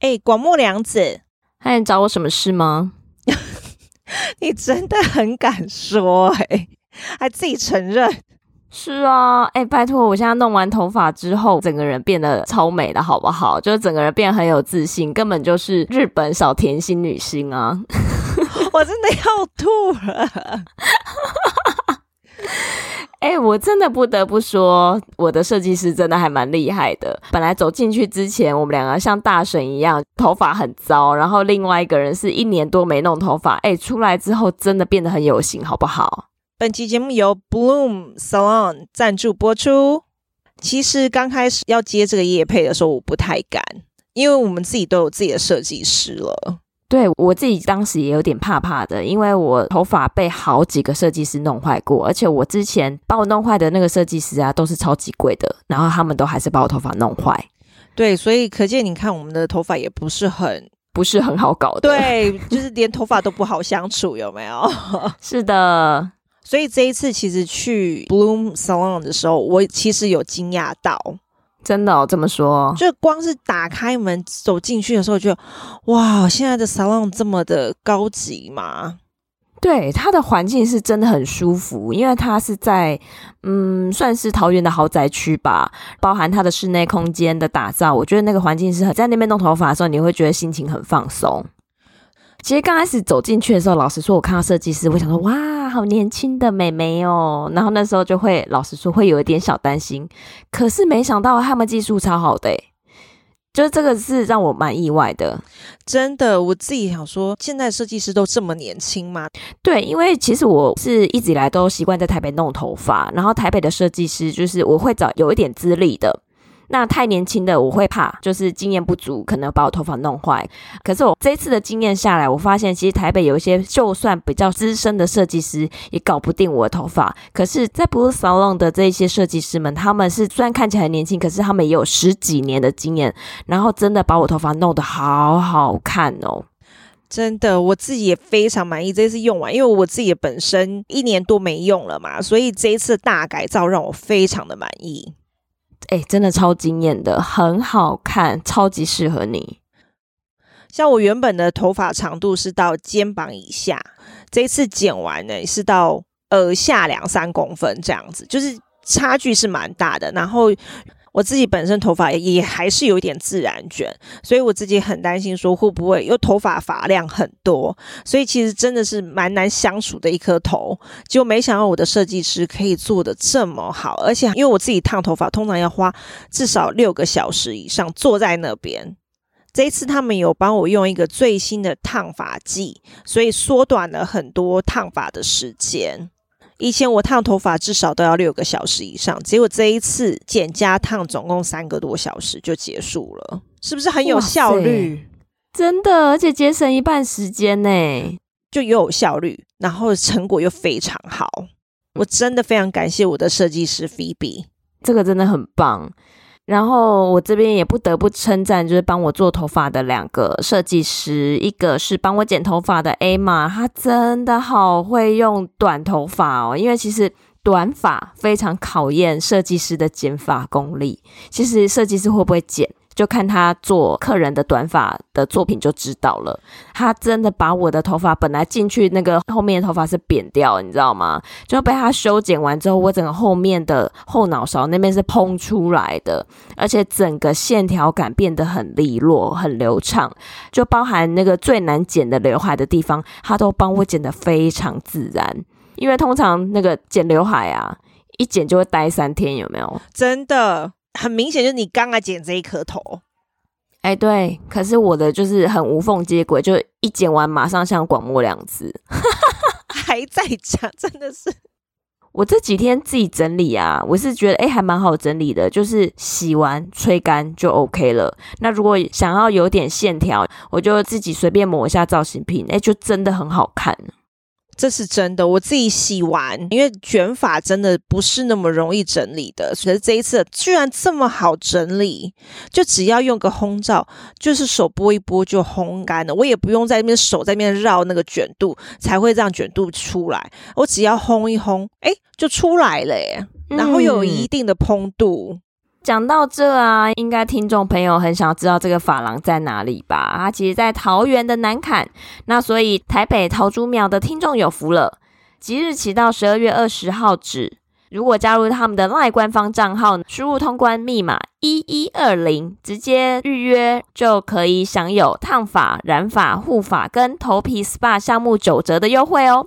哎、欸，廣木良子，還能找我什麼事嗎？ 你真的很敢說哎、欸，還自己承認。是啊，哎、欸，拜托，我現在弄完頭髮之後，整個人變得超美的好不好？就是整個人變得很有自信，根本就是日本小甜心女星啊！ 我真的要吐了。 哎、欸，我真的不得不說，我的設計師真的還蠻厲害的。本來走進去之前，我們兩個像大神一樣，頭髮很糟，然後另外一個人是一年多沒弄頭髮，哎、欸，出來之後真的變得很有型，好不好？本期節目由 Bloom Salon 贊助播出。其實剛開始要接這個業配的時候，我不太敢，因為我們自己都有自己的設計師了。對，我自己當時也有點怕怕的，因為我頭髮被好幾個設計師弄壞過，而且我之前把我弄壞的那個設計師啊，都是超級貴的，然後他們都還是把我頭髮弄壞。對，所以可見你看，我們的頭髮也不是很、不是很好搞的，對，就是連頭髮都不好相處，有沒有？ 是的，所以這一次其實去 Bloom Salon 的時候，我其實有驚訝到。真的哦，這麼說，就光是打開門走進去的時候就，就哇，現在的 salon 這麼的高級嗎？對，它的環境是真的很舒服，因為它是在嗯，算是桃園的豪宅區吧。包含它的室內空間的打造，我覺得那個環境是很，在那邊弄頭髮的時候，你會覺得心情很放鬆。其實剛開始走進去的時候，老實說，我看到設計師，我想說，哇，好年輕的妹妹哦。然後那時候就會老實說，會有一點小擔心。可是沒想到他們技術超好的，哎，就是這個是讓我蠻意外的。真的，我自己想說，現在設計師都這麼年輕嗎？對，因為其實我是一直以來都習慣在台北弄頭髮，然後台北的設計師就是我會找有一點資歷的。那太年輕的我會怕，就是經驗不足，可能把我頭髮弄壞。可是我這一次的經驗下來，我發現其實台北有一些就算比較資深的設計師也搞不定我的頭髮。可是，在 Bloom Salon 的這些設計師們，他們是雖然看起來年輕，可是他們也有十幾年的經驗，然後真的把我頭髮弄得好好看哦！真的，我自己也非常滿意這一次用完，因為我自己本身一年多沒用了嘛，所以這一次的大改造讓我非常的滿意。哎，真的超驚豔的，很好看，超級適合你。像我原本的頭髮長度是到肩膀以下，這一次剪完呢是到耳下兩三公分這樣子，就是差距是蠻大的，然後。我自己本身頭髮也也還是有一點自然捲，所以我自己很擔心說會不會，因為頭髮髮量很多，所以其實真的是蠻難相處的一顆頭。結果沒想到我的設計師可以做的這麼好，而且因為我自己燙頭髮通常要花至少六個小時以上坐在那邊，這一次他們有幫我用一個最新的燙髮劑，所以縮短了很多燙髮的時間。以前我燙頭髮至少都要六個小時以上，結果這一次剪加燙總共三個多小時就結束了，是不是很有效率？真的，而且節省一半時間呢，就又有效率，然後成果又非常好。我真的非常感謝我的設計師 Phoebe，這個真的很棒。然後我這邊也不得不稱讚，就是幫我做頭髮的兩個設計師，一個是幫我剪頭髮的艾瑪，她真的好會用短頭髮哦，因為其實短髮非常考驗設計師的剪髮功力。其實設計師會不會剪？就看他做客人的短髮的作品就知道了，他真的把我的頭髮本來進去那個後面的頭髮是扁掉，你知道嗎？就被他修剪完之後，我整個後面的後腦勺那邊是蓬出來的，而且整個線條感變得很利落、很流暢，就包含那個最難剪的劉海的地方，他都幫我剪得非常自然。因為通常那個剪劉海啊，一剪就會呆三天，有沒有？真的。很明顯，就是你剛剛剪這一顆頭，哎，欸、對，可是我的就是很無縫接軌，就一剪完馬上像廣末兩字， 還在講，真的是。我這幾天自己整理啊，我是覺得哎、欸，還蠻好整理的，就是洗完吹乾就 OK 了。那如果想要有點線條，我就自己隨便抹一下造型品，哎、欸，就真的很好看。這是真的，我自己洗完，因為卷髮真的不是那麼容易整理的。所以這一次居然這麼好整理，就只要用個烘罩，就是手撥一撥就烘乾了。我也不用在那邊手在那邊繞那個卷度，才會讓卷度出來。我只要烘一烘，哎、欸，就出來了耶、欸，嗯。然後又有一定的蓬度。講到這啊，應該聽眾朋友很想知道這個髮廊在哪裡吧？它、啊、其實在桃園的南崁，那所以台北桃竹苗的聽眾有福了，即日起到十二月二十號止，如果加入他們的 LINE 官方賬號，輸入通關密碼一一二零，直接預約就可以享有燙髮、染髮、護髮跟頭皮 SPA 項目九折的優惠哦。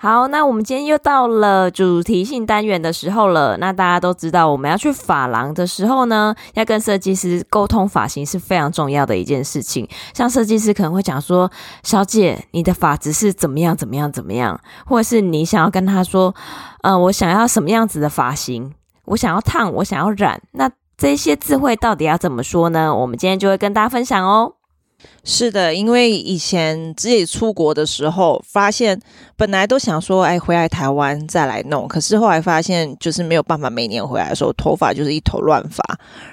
好，那我們今天又到了主題性單元的時候了。那大家都知道，我們要去髮廊的時候呢，要跟設計師溝通髮型是非常重要的一件事情。像設計師可能會講說：“小姐，你的髮質是怎麼樣，怎麼樣，怎麼樣？”或者是你想要跟他說：“呃，我想要什麼樣子的髮型？我想要燙，我想要染。”那這些詞彙到底要怎麼說呢？我們今天就會跟大家分享哦。是的，因為以前自己出國的時候，發現本來都想說，哎，回來台灣再來弄。可是後來發現，就是沒有辦法。每年回來的時候，頭髮就是一頭亂髮。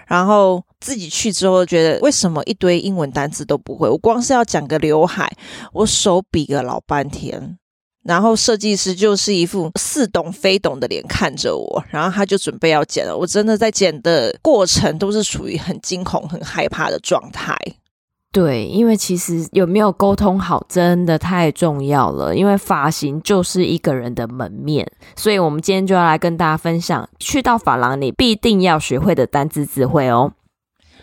然後自己去之後，覺得為什麼一堆英文單詞都不會？我光是要講個劉海，我手比個老半天，然後設計師就是一副似懂非懂的臉看着我，然後他就準備要剪了。我真的在剪的過程都是處於很驚恐、很害怕的狀態。對，因為其實有沒有溝通好，真的太重要了。因為髮型就是一個人的門面，所以我們今天就要來跟大家分享，去到髮廊你必定要學會的單字詞彙哦。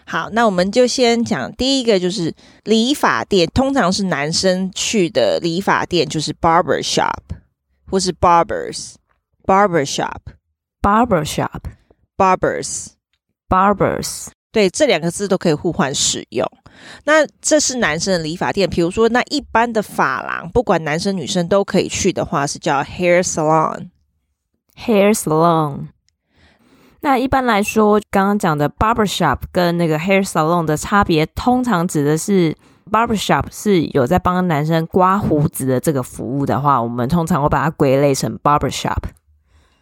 好，那我們就先講第一個，就是理髮店，通常是男生去的理髮店，就是 barbershop 或是 barbers barbershop barbershop barbers barbers。對，這兩個字都可以互換使用。那這是男生的理髮店，比如說那一般的髮廊，不管男生女生都可以去的話，是叫 hair salon。hair salon。那一般來說，剛剛講的 barbershop 跟那個 hair salon 的差別，通常指的是 barbershop 是有在幫男生刮鬍子的這個服務的話，我們通常會把它歸類成 barbershop。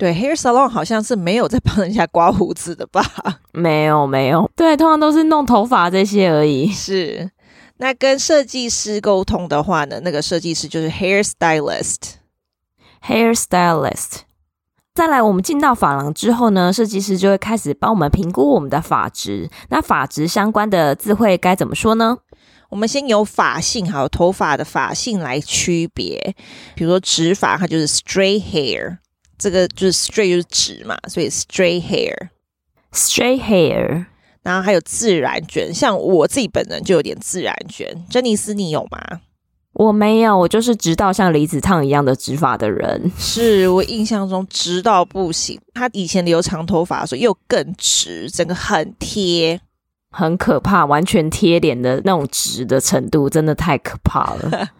對，hair salon 好像是沒有在幫人家刮鬍子的吧？沒有，沒有。對，通常都是弄頭髮這些而已。是，那跟設計師溝通的話呢，那個設計師就是 hair stylist，hair stylist。再來，我們進到髮廊之後呢，設計師就會開始幫我們評估我們的髮質。那髮質相關的字彙該怎麼說呢？我們先由髮性，還有頭髮的髮性來區別。比如說直髮，它就是 straight hair。這個就是 straight，就是直嘛，所以 straight hair straight hair，straight hair，然後還有自然卷，像我自己本人就有點自然卷。珍妮斯，你有嗎？我沒有，我就是直到像離子燙一樣的直髮的人。是，我印象中直到不行。他以前留長頭髮的時候又更直，整個很貼，很可怕，完全貼臉的那種直的程度，真的太可怕了。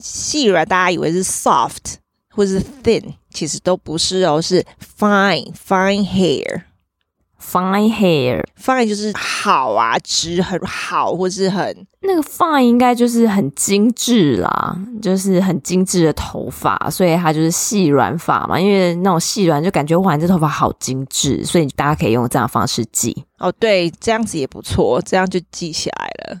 細軟，大家以為是 soft 或是 thin，其實都不是哦，是 fine, fine hair fine hair，fine hair fine 就是好啊，質很好，或是很那個 fine 應該就是很精致啦，就是很精致的頭髮，所以它就是細軟髮嘛。因為那種細軟就感覺哇，這頭髮好精致，所以大家可以用這樣的方式記哦。對，這樣子也不錯，這樣就記起來了。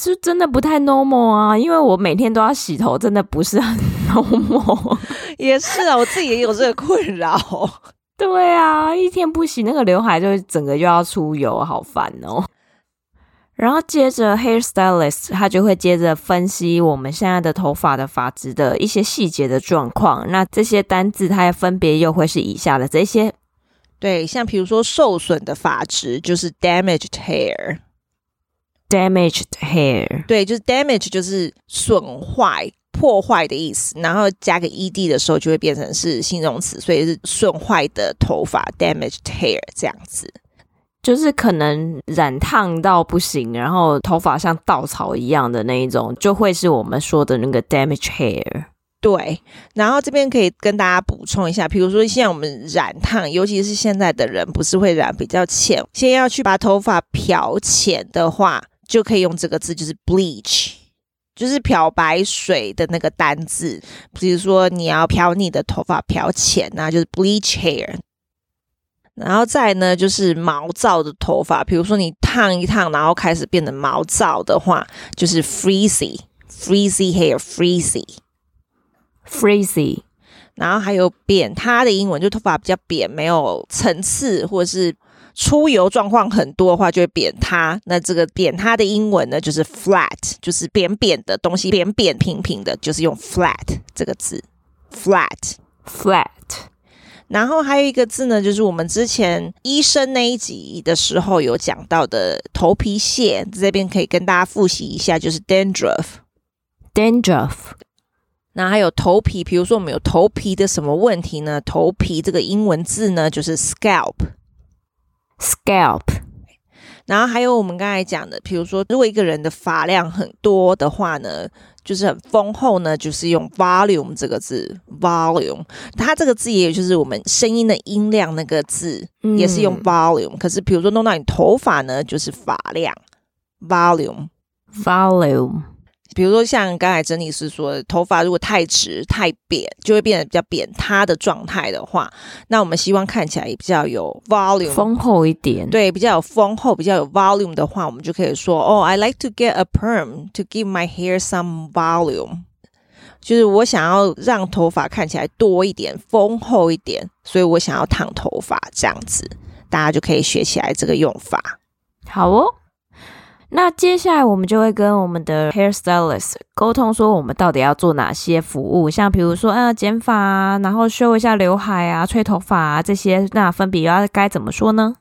是真的不太 normal 啊，因為我每天都要洗頭，真的不是很 normal。 也是啊，我自己也有這個困擾。 對啊，一天不洗那個劉海就整個又要出油，好煩哦、喔。然後接着 hair stylist 他就會接着分析我們現在的頭髮的髮質的一些細節的狀況。那這些單字它還分別又會是以下的這些，對，像比如說受損的髮質就是 damaged hair。damaged hair，對，就是 damage 就是損壞、破壞的意思，然後加個 ed 的時候就會變成是形容詞，所以是損壞的頭髮，damaged hair 這樣子，就是可能染燙到不行，然後頭髮像稻草一樣的那一種，就會是我們說的那個 damaged hair。對，然後這邊可以跟大家補充一下，比如說現在我們染燙，尤其是現在的人不是會染比較淺，先要去把頭髮漂淺的話。就可以用這個字，就是 bleach，就是漂白水的那個單字。比如說你要漂你的頭髮漂淺，那就是 bleach hair。然後再呢，就是毛躁的頭髮，比如說你燙一燙，然後開始變得毛躁的話，就是 frizzy，frizzy hair，frizzy，frizzy。然後還有扁，他的英文就頭髮比較扁，沒有層次，或者是。出油狀況很多的話，就會扁塌。那這個扁塌的英文呢，就是 flat，就是扁扁的東西，扁扁平，平平的，就是用 flat 這個字，flat，flat。Flat flat。然後還有一個字呢，就是我們之前醫生那一集的時候有講到的頭皮屑，這邊可以跟大家複習一下，就是 dandruff，dandruff。那還有頭皮，比如說我們有頭皮的什麼問題呢？頭皮這個英文字呢，就是 scalp。Scalp，然後還有我們剛才講的，比如說，如果一個人的髮量很多的話呢，就是很豐厚呢，就是用 volume 這個字，volume。它這個字也有，就是我們聲音的音量那個字，嗯、也是用 volume。可是比如說弄到你頭髮呢，就是髮量，volume，volume。Volume volume。比如說，像剛才整理師說，頭髮如果太直太扁，就會變得比較扁塌的狀態的話，那我們希望看起來也比較有 volume，豐厚一點。對，比較有豐厚，比較有 volume 的話，我們就可以說，哦，oh，I like to get a perm to give my hair some volume，就是我想要讓頭髮看起來多一點，豐厚一點，所以我想要燙頭髮這樣子，大家就可以學起來這個用法。好哦。那接下來我們就會跟我們的 hairstylist 溝通，說我們到底要做哪些服務，像比如說，呃，剪髮、啊，然後修一下劉海啊，吹頭髮啊這些，那分別要該怎麼說呢？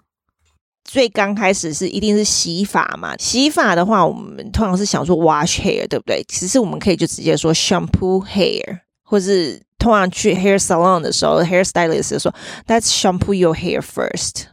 最剛開始是一定是洗髮嘛，洗髮的話，我們通常是想說 wash hair，對不對？其實我們可以就直接說 shampoo hair，或是通常去 hair salon 的時候，hairstylist 說 let's shampoo your hair first。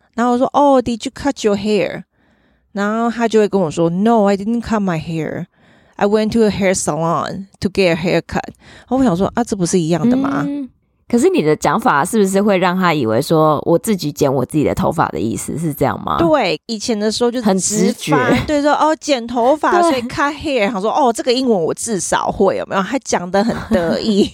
然後我說：“Oh, did you cut your hair？” 然後他就會跟我說：“No, I didn't cut my hair. I went to a hair salon to get a haircut。”我想說：“啊，這不是一樣的嗎、嗯？”可是你的講法是不是會讓他以為說我自己剪我自己的頭髮的意思是這樣嗎？對，以前的時候就是很直覺很直覺，對說：“哦，剪頭髮，所以 cut hair 對。”他說：“哦，這個英文我至少會，有沒有？”他講得很得意，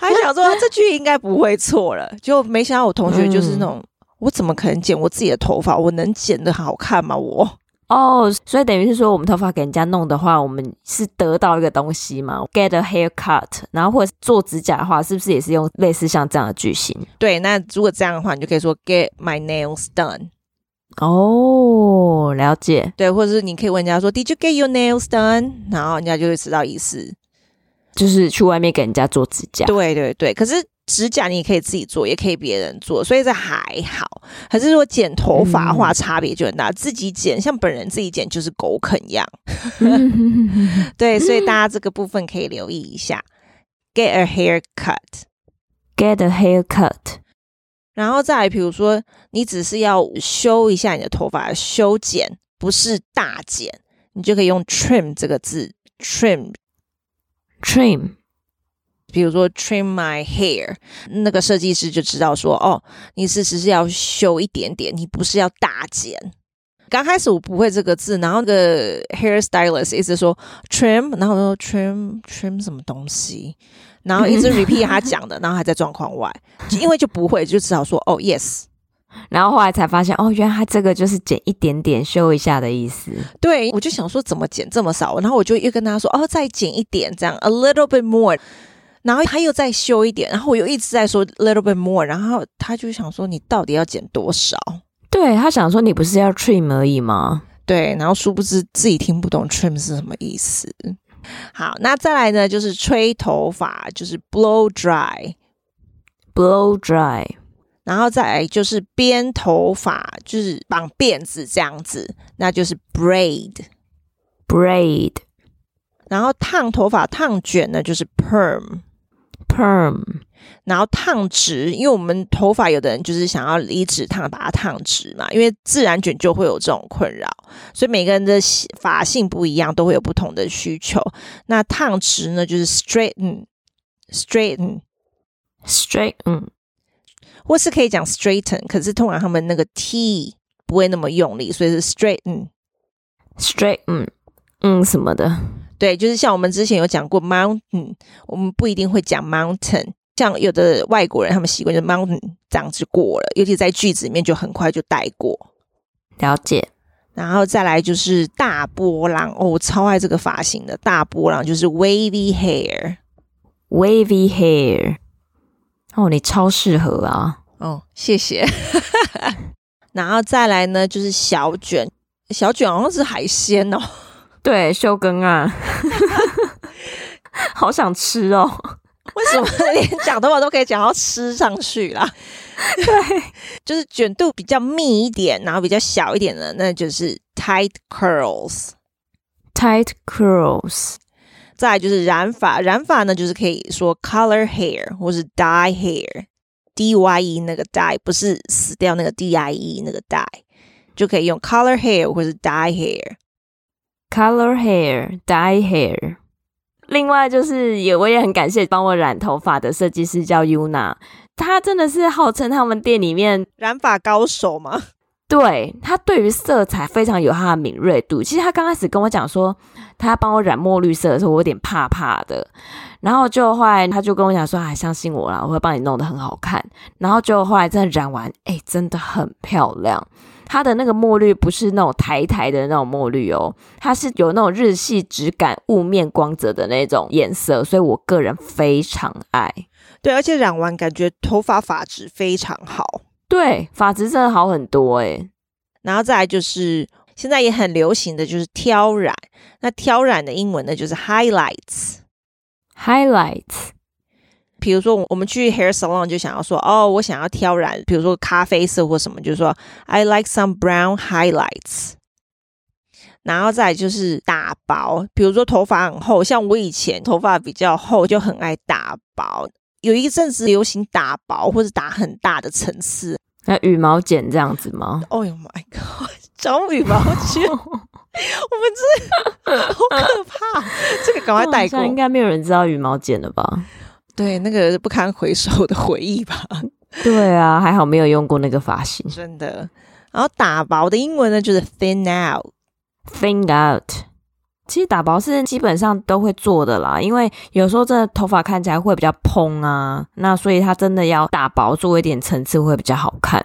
還 想說 這句應該不會錯了。就沒想到我同學就是那種。我怎麼可能剪我自己的頭髮？我能剪得好看嗎？我哦，oh, 所以等於是說，我們頭髮給人家弄的話，我們是得到一個東西嘛？Get a haircut，然後或者是做指甲的話，是不是也是用類似像這樣的句型？對，那如果這樣的話，你就可以說 get my nails done。哦，oh, 了解。對，或者是你可以問人家說 Did you get your nails done？然後人家就會知道意思，就是去外面給人家做指甲。對對對，可是。指甲你也可以自己做，也可以別人做，所以這還好。還是說剪頭髮的話，嗯、差別就很大，自己剪像本人自己剪就是狗啃樣。 對，所以大家這個部分可以留意一下，Get a haircut，get a haircut。然後再來比如說，你只是要修一下你的頭髮，修剪，不是大剪，你就可以用 trim 這個字，trim，trim。Trim Tr 比如說 trim my hair，那個設計師就知道說，哦，你是只是要修一點點，你不是要大剪。剛開始我不會這個字，然後 the hair stylist 一直說 trim，然後說 trim trim 什麼東西，然後一直 repeat 他講的， 然後還在狀況外，因為就不會，就只好說哦 yes。然後後來才發現，哦，原來他這個就是剪一點點修一下的意思。對，我就想說怎麼剪這麼少，然後我就又跟他說，哦，再剪一點，這樣 a little bit more。然後他又再修一點，然後我又一直在說 little bit more，然後他就想說你到底要剪多少？對，他想說你不是要 trim 而已嗎？對，然後殊不知自己聽不懂 trim 是什麼意思。好，那再來呢，就是吹頭髮，就是 blow dry，blow dry，然後再來就是編頭髮，就是綁辮子這樣子，那就是 braid，braid，然後燙頭髮燙卷呢，就是 perm。Perm，然後燙直，因為我們頭髮有的人就是想要離子燙，把它燙直嘛。因為自然卷就會有這種困擾，所以每個人的髮性不一樣，都會有不同的需求。那燙直呢，就是 stra stra straighten，straighten，straighten，或是可以講 straighten，可是通常他們那個 T 不會那麼用力，所以是 stra straighten，straighten，嗯，什麼的。對，就是像我們之前有講過 mountain，我們不一定會講 mountain，像有的外國人他們習慣就 mountain 這樣子過了，尤其在句子裡面就很快就帶過。了解。然後再來就是大波浪哦，我超愛這個髮型的，大波浪就是 wavy hair，wavy hair。哦，oh，你超適合啊。哦，謝謝。 然後再來呢，就是小卷，小卷好像是海鮮哦。對，修根啊， 好想吃哦！為什麼連講的話都可以講到吃上去啦？對， 就是卷度比較密一點，然後比較小一點的，那就是 tight curls。tight curls，再來就是染髮。染髮呢，就是可以說 color hair 或是 dye hair。dye 那個 dye，不是死掉那個 d i e 那個 dye，就可以用 color hair 或是 dye hair。Color hair, dye hair。另外，就是也我也很感謝幫我染頭髮的設計師叫 Yuna，他真的是號稱他們店裡面染髮高手嗎？對，他對於色彩非常有他的敏銳度。其實他剛開始跟我講說他幫我染墨綠色的時候，我有點怕怕的。然後就後來他就跟我講說，還相信我啦，我會幫你弄得很好看。然後就後來真的染完，哎、欸，真的很漂亮。它的那個墨綠不是那種台台的那種墨綠哦，它是有那種日系質感、霧面光澤的那種顏色，所以我個人非常愛。對，而且染完感覺頭髮髮質非常好，對，髮質真的好很多哎。然後再來就是現在也很流行的就是挑染，那挑染的英文呢就是 highlights，highlights。High 比如說，我們去 hair salon 就想要說，哦，我想要挑染，比如說咖啡色或什麼，就是說 I like some brown highlights。然後再就是打薄，比如說頭髮很厚，像我以前頭髮比較厚，就很愛打薄。有一陣子流行打薄或者打很大的層次，那羽毛剪這樣子嗎？哦，Oh my God！找羽毛剪， 我們這好可怕。這個趕快帶過，哦，應該沒有人知道羽毛剪了吧。對，那個不堪回首的回憶吧。 對啊，還好沒有用過那個髮型。真的，然後打薄的英文呢就是 thin out，thin out。Out. 其實打薄是基本上都會做的啦，因為有時候這頭髮看起來會比較蓬啊，那所以它真的要打薄做一點層次會比較好看。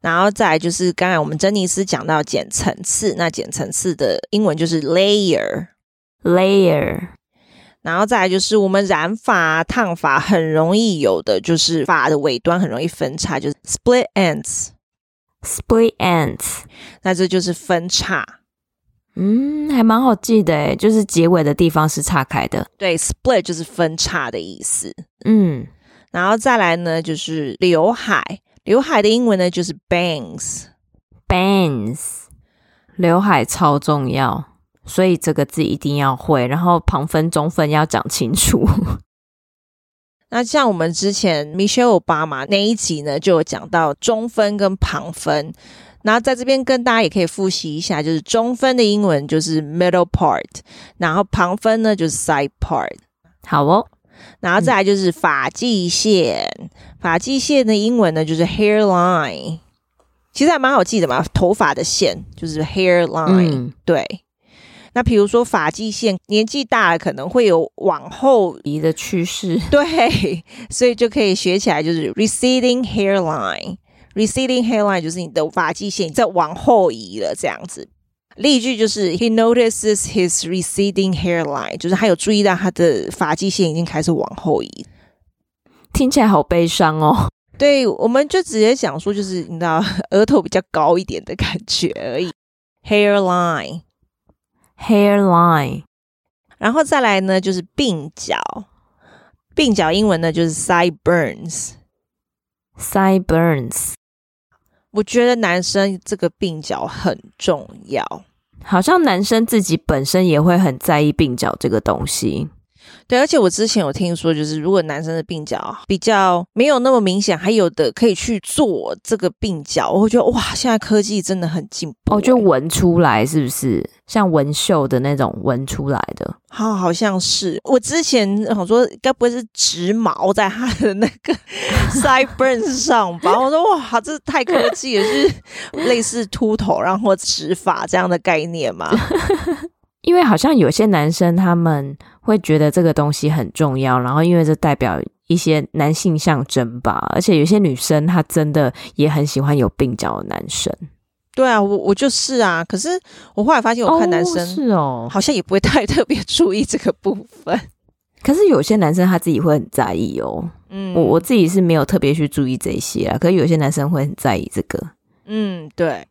然後再就是剛才我們珍妮斯講到剪層次，那剪層次的英文就是 layer，layer。Layer. 然後再來就是我們染髮、燙髮很容易有的就是髮的尾端很容易分叉，就是 split ends split ends，split ends，那這就是分叉。嗯，還蠻好記的誒，就是結尾的地方是岔開的。對，split 就是分叉的意思。嗯，然後再來呢就是劉海，劉海的英文呢就是 bangs bangs 劉海超重要。所以這個字一定要會，然後旁分、中分要講清楚。那像我們之前 Michelle Obama，那一集呢就有講到中分跟旁分，然後在這邊跟大家也可以複習一下，就是中分的英文就是 middle part，然後旁分呢就是 side part。好哦，然後再來就是髮際線，髮際線、嗯、髮際線的英文呢就是 hairline，其實還蠻好記的嘛，頭髮的線就是 hairline、嗯。對。那譬如說髮際線年紀大了可能會有往後移，移的趨勢，對，所以就可以學起來，就是 receding hairline，receding hairline 就是你的髮際線在往後移了這樣子。例句就是 He notices his receding hairline，就是他有注意到他的髮際線已經開始往後移。聽起來好悲傷哦。對，我們就直接講說，就是你知道額頭比較高一點的感覺而已。Hairline。Hairline，然後再來呢，就是鬢角。鬢角英文呢就是 sideburns，sideburns。Sideburns。我覺得男生這個鬢角很重要，好像男生自己本身也會很在意鬢角這個東西。對，而且我之前有聽說，就是如果男生的鬢角比較沒有那麼明顯，還有的可以去做這個鬢角。我覺得哇，現在科技真的很進步。哦，就紋出來是不是？像紋繡的那種紋出來的？好、哦，好像是。我之前想說，該不會是植毛在他的那個 sideburn 上吧？ 我說哇，這太科技了， 也是類似禿頭然後植髮這樣的概念嘛。 因為好像有些男生他們。會覺得這個東西很重要，然後因為這代表一些男性象徵吧，而且有些女生她真的也很喜歡有鬢角的男生。對啊，我我就是啊，可是我後來發現，我看男生哦，是哦，好像也不會太特別注意這個部分。可是有些男生他自己會很在意哦。嗯，我我自己是沒有特別去注意這些啊，可是有些男生會很在意這個。嗯，對。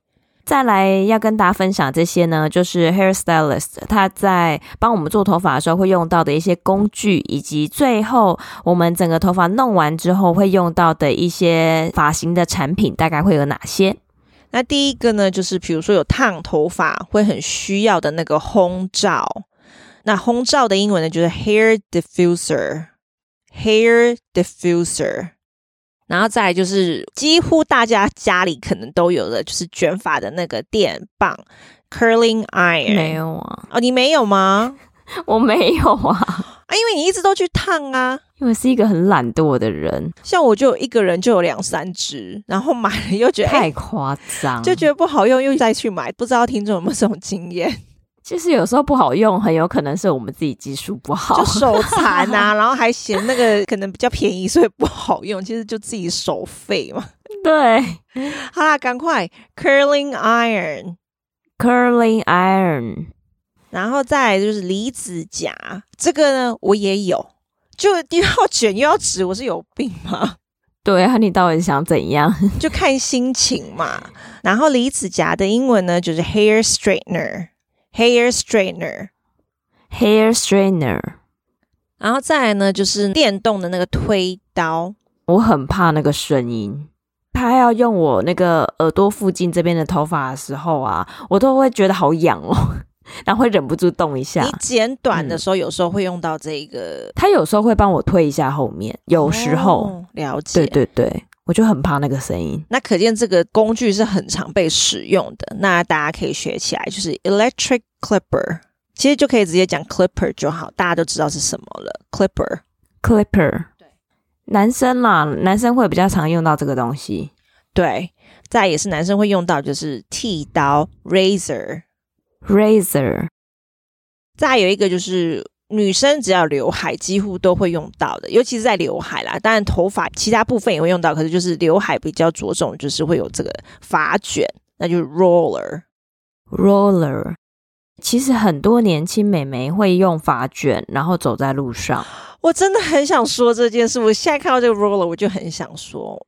再來要跟大家分享這些呢，就是 hairstylist，他在幫我們做頭髮的時候會用到的一些工具，以及最後我們整個頭髮弄完之後會用到的一些髮型的產品，大概會有哪些？那第一個呢，就是譬如說有燙頭髮會很需要的那個烘罩，那烘罩的英文呢，就是 hair diffuser，hair diffuser。然後再來就是，幾乎大家家裡可能都有的就是卷髮的那個電棒，curling iron。沒有啊？哦，你沒有嗎？ 我沒有啊，啊，因為你一直都去燙啊。因為我是一個很懶惰的人，像我就一個人就有兩三支，然後買了又覺得太誇張、哎，就覺得不好用，又再去買。不知道聽眾有沒有這種經驗？其實有時候不好用，很有可能是我們自己技術不好，就手殘啊， 然後還嫌那個可能比較便宜，所以不好用。其實就自己手廢嘛。對，好啦，趕快 curling iron，curling iron，, Cur iron 然後再來就是離子夾，這個呢我也有，就要又要卷又要直，我是有病嗎？對啊，那你到底想怎樣？就看心情嘛。然後離子夾的英文呢就是 hair straightener。Hair strainer, hair strainer，然後再來呢，就是電動的那個推刀。我很怕那個聲音，他要用我那個耳朵附近這邊的頭髮的時候啊，我都會覺得好癢哦、喔， 然後會忍不住動一下。你剪短的時候，嗯、有時候會用到這個。他有時候會幫我推一下後面，有時候、哦、了解，對對對。我就很怕那個聲音，那可見這個工具是很常被使用的，那大家可以學起來，就是 electric clipper，其實就可以直接講 clipper 就好，大家都知道是什麼了。clipper，clipper，clipper，對，男生嘛，男生會比較常用到這個東西，對。再也是男生會用到就是剃刀 razor，razor，razor，再有一個就是。女生只要劉海幾乎都會用到的，尤其是在劉海啦。當然頭髮其他部分也會用到，可是就是劉海比較着重，就是會有這個髮捲，那就是 roller。roller 其實很多年輕美眉會用髮捲，然後走在路上。我真的很想說這件事，我現在看到這個 roller，我就很想說，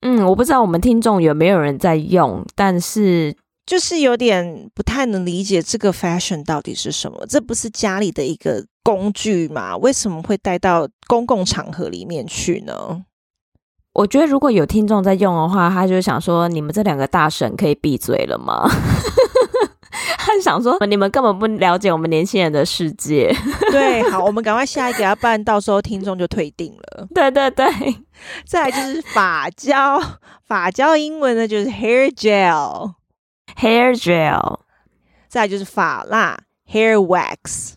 嗯，我不知道我們聽眾有沒有人在用，但是就是有點不太能理解這個 fashion 到底是什麼。這不是家裡的一個。工具嘛，為什麼會帶到公共場合裡面去呢？我覺得如果有聽眾在用的話，他就想說：你們這兩個大神可以閉嘴了嗎？ 他想說：你們根本不了解我們年輕人的世界。 對，好，我們趕快下一個要不然， 到時候聽眾就退定了。對對對，再來就是髮膠，髮膠英文呢就是 hair gel，hair gel，, hair gel 再來就是髮蠟 hair wax。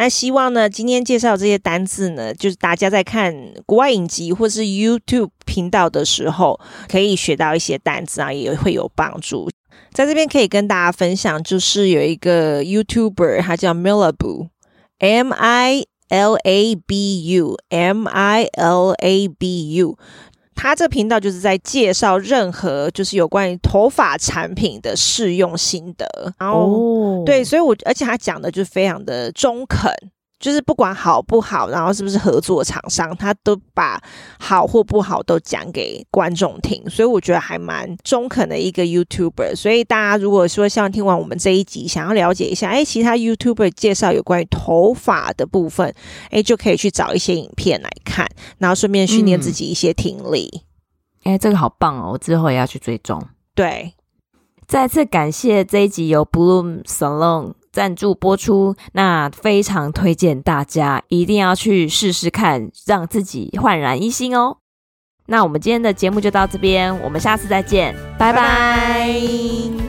那、啊、希望呢，今天介紹這些單字呢，就是大家在看國外影集或是 YouTube 頻道的時候，可以學到一些單詞啊，也會有幫助。在這邊可以跟大家分享，就是有一個 YouTuber，他叫 Milabu，M I L A B U，M I L A B U。他這頻道就是在介紹任何就是有關於頭髮產品的試用心得，然後，哦，對，所以我而且他講的就是非常的中肯。就是不管好不好，然後是不是合作廠商，他都把好或不好都講給觀眾聽，所以我覺得還蠻中肯的一個 YouTuber。所以大家如果說像聽完我們這一集，想要了解一下，哎，其他 YouTuber 介紹有關於頭髮的部分，哎，就可以去找一些影片來看，然後順便訓練自己一些聽力。哎、嗯，這個好棒哦，我之後也要去追蹤。對，再次感謝這一集由 Bloom Salon。贊助播出，那非常推薦大家一定要去試試看，讓自己煥然一新哦。那我們今天的節目就到這邊，我們下次再見，拜拜。拜拜。